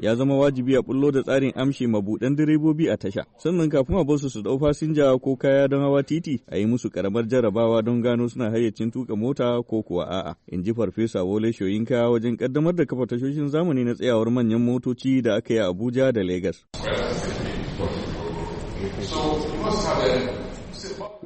ya zama wajibi a bullo da tsarin amshi mabuɗan direbobi a tasha sannan kafin a basu su dau fasinja ko kaya don hawa titi a yi musu ƙaramar jarabawa don gano suna hayyacin tuka mota ko kuwa a'a in ji farfesa wole kaya wajen kaddamar da kafa tashoshin zamani na tsayawar manyan motoci da aka yi a abuja da Legas.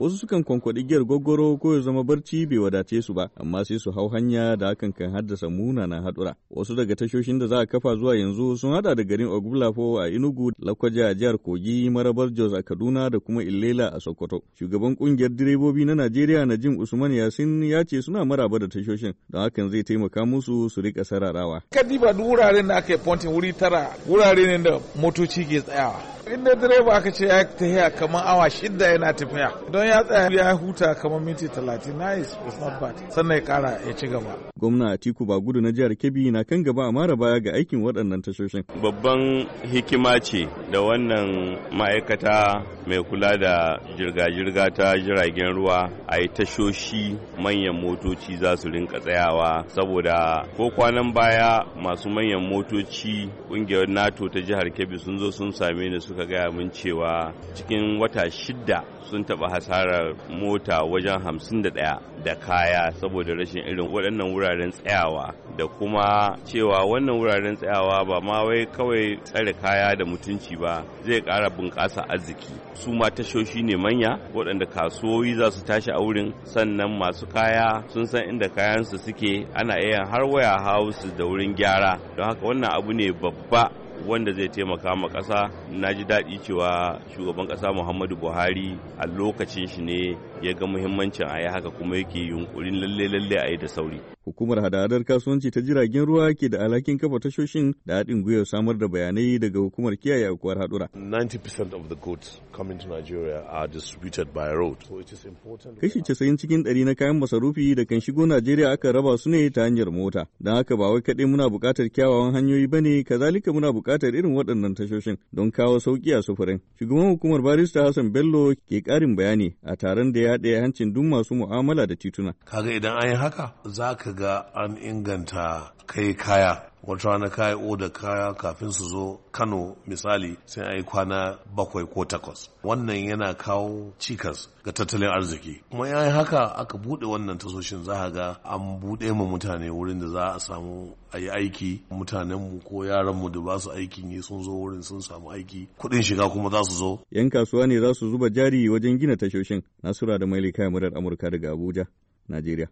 wasu sukan kwankwaɗi giyar gwaggwaro ko ya zama barci bai wadace su ba amma sai su hau hanya da hakan kan haddasa muna na haɗura wasu daga tashoshin da za a kafa zuwa yanzu sun hada da garin Ogbulafo a Enugu Lakwaja a jihar Kogi Marabar Jos a Kaduna da kuma Ilela a Sokoto shugaban kungiyar direbobi na Najeriya Najim Usman Yasin ya ce suna maraba da tashoshin don hakan zai taimaka musu su rika sararawa kadi ba duk wuraren da aka yi wuri tara wurare ne da motoci ke tsayawa inda direba aka ce ya tafiya kamar awa shidda yana tafiya don ya tsaya ya huta kamar minti talatin na is not bad sannan ya kara ya ci gaba gwamna atiku ba gudu na jihar kebbi na kan gaba a mara baya ga aikin waɗannan tashoshin babban hikima ce da wannan ma'aikata mai kula da jirga-jirga ta jiragen ruwa a yi tashoshi manyan motoci za su rinka tsayawa saboda ko kwanan baya masu manyan motoci ƙungiyar nato ta jihar kebbi sun zo sun same ni suka gaya min cewa cikin wata shidda sun taɓa hasarar mota wajen hamsin da ɗaya da kaya saboda rashin irin waɗannan wuraren tsayawa da kuma cewa wannan wuraren tsayawa ba ma wai kawai tsare kaya da mutunci ba zai ƙara bunƙasa arziki su ma tashoshi ne manya waɗanda kasuwoyi za su tashi a wurin sannan masu kaya sun san inda kayansu suke ana iya har waya hausu da wurin gyara don haka wannan abu ne babba wanda zai taimaka ma kasa na ji daɗi cewa shugaban ƙasa muhammadu buhari a lokacin shi ne ya ga muhimmancin a yi haka kuma yake yunkurin lalle lalle a yi da sauri hukumar hadadar kasuwanci ta jiragen ruwa ke da alhakin kafa tashoshin da haɗin gwiwar samar da bayanai daga hukumar kiyaye aukuwar haɗura. 90% of the goods coming to Nigeria are distributed by road. Kashi casa'in cikin ɗari na kayan masarufi da kan shigo Najeriya aka raba su ne ta hanyar mota. Don haka ba wai kaɗai muna buƙatar kyawawan hanyoyi ba ne, kazalika muna buƙatar buƙatar irin waɗannan tashoshin don kawo sauƙi a sufurin. Shugaban hukumar barista Hassan Bello ke ƙarin bayani a taron da ya haɗe hancin duk masu mu'amala da tituna. Kaga idan an yi haka za ka ga an inganta kai kaya wata rana yi oda kaya kafin su zo kano misali sai a yi kwana bakwai ko takwas wannan yana kawo cikas ga tattalin arziki kuma ya haka aka buɗe wannan tasoshin za a ga an buɗe ma mutane wurin da za a samu a yi aiki mutanenmu ko yaranmu da ba su aikin yi sun zo wurin sun samu aiki kuɗin shiga kuma za su zo yan kasuwa ne za su zuba jari wajen gina tashoshin nasura da mailika murar amurka daga abuja najeriya